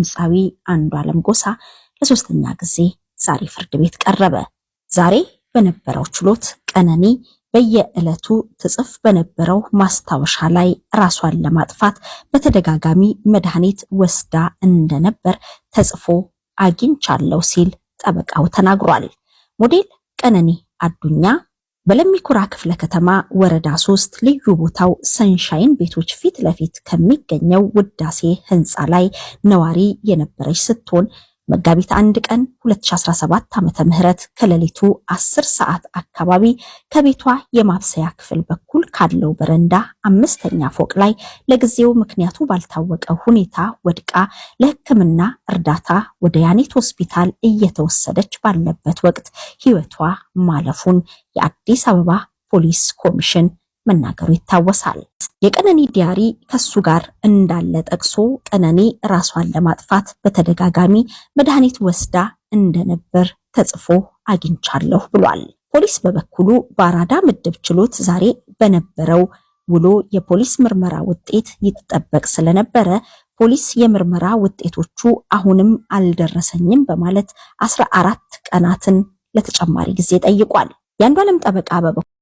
ድምፃዊ አንዱዓለም ጎሳ ለሶስተኛ ጊዜ ዛሬ ፍርድ ቤት ቀረበ። ዛሬ በነበረው ችሎት ቀነኒ በየዕለቱ ትጽፍ በነበረው ማስታወሻ ላይ ራሷን ለማጥፋት በተደጋጋሚ መድኃኒት ወስዳ እንደነበር ተጽፎ አግኝቻለሁ ሲል ጠበቃው ተናግሯል። ሞዴል ቀነኒ አዱኛ በለሚኩራ ክፍለ ከተማ ወረዳ ሶስት ልዩ ቦታው ሰንሻይን ቤቶች ፊት ለፊት ከሚገኘው ውዳሴ ህንፃ ላይ ነዋሪ የነበረች ስትሆን መጋቢት አንድ ቀን 2017 ዓመተ ምህረት ከሌሊቱ 10 ሰዓት አካባቢ ከቤቷ የማብሰያ ክፍል በኩል ካለው በረንዳ አምስተኛ ፎቅ ላይ ለጊዜው ምክንያቱ ባልታወቀ ሁኔታ ወድቃ ለሕክምና እርዳታ ወደ ያኔት ሆስፒታል እየተወሰደች ባለበት ወቅት ሕይወቷ ማለፉን የአዲስ አበባ ፖሊስ ኮሚሽን መናገሩ ይታወሳል። የቀነኒ ዲያሪ ከሱ ጋር እንዳለ ጠቅሶ ቀነኒ ራሷን ለማጥፋት በተደጋጋሚ መድኃኒት ወስዳ እንደነበር ተጽፎ አግኝቻለሁ ብሏል። ፖሊስ በበኩሉ በአራዳ ምድብ ችሎት ዛሬ በነበረው ውሎ የፖሊስ ምርመራ ውጤት ይጠበቅ ስለነበረ ፖሊስ የምርመራ ውጤቶቹ አሁንም አልደረሰኝም በማለት አስራ አራት ቀናትን ለተጨማሪ ጊዜ ጠይቋል። የአንዷለም ጠበቃ በበኩ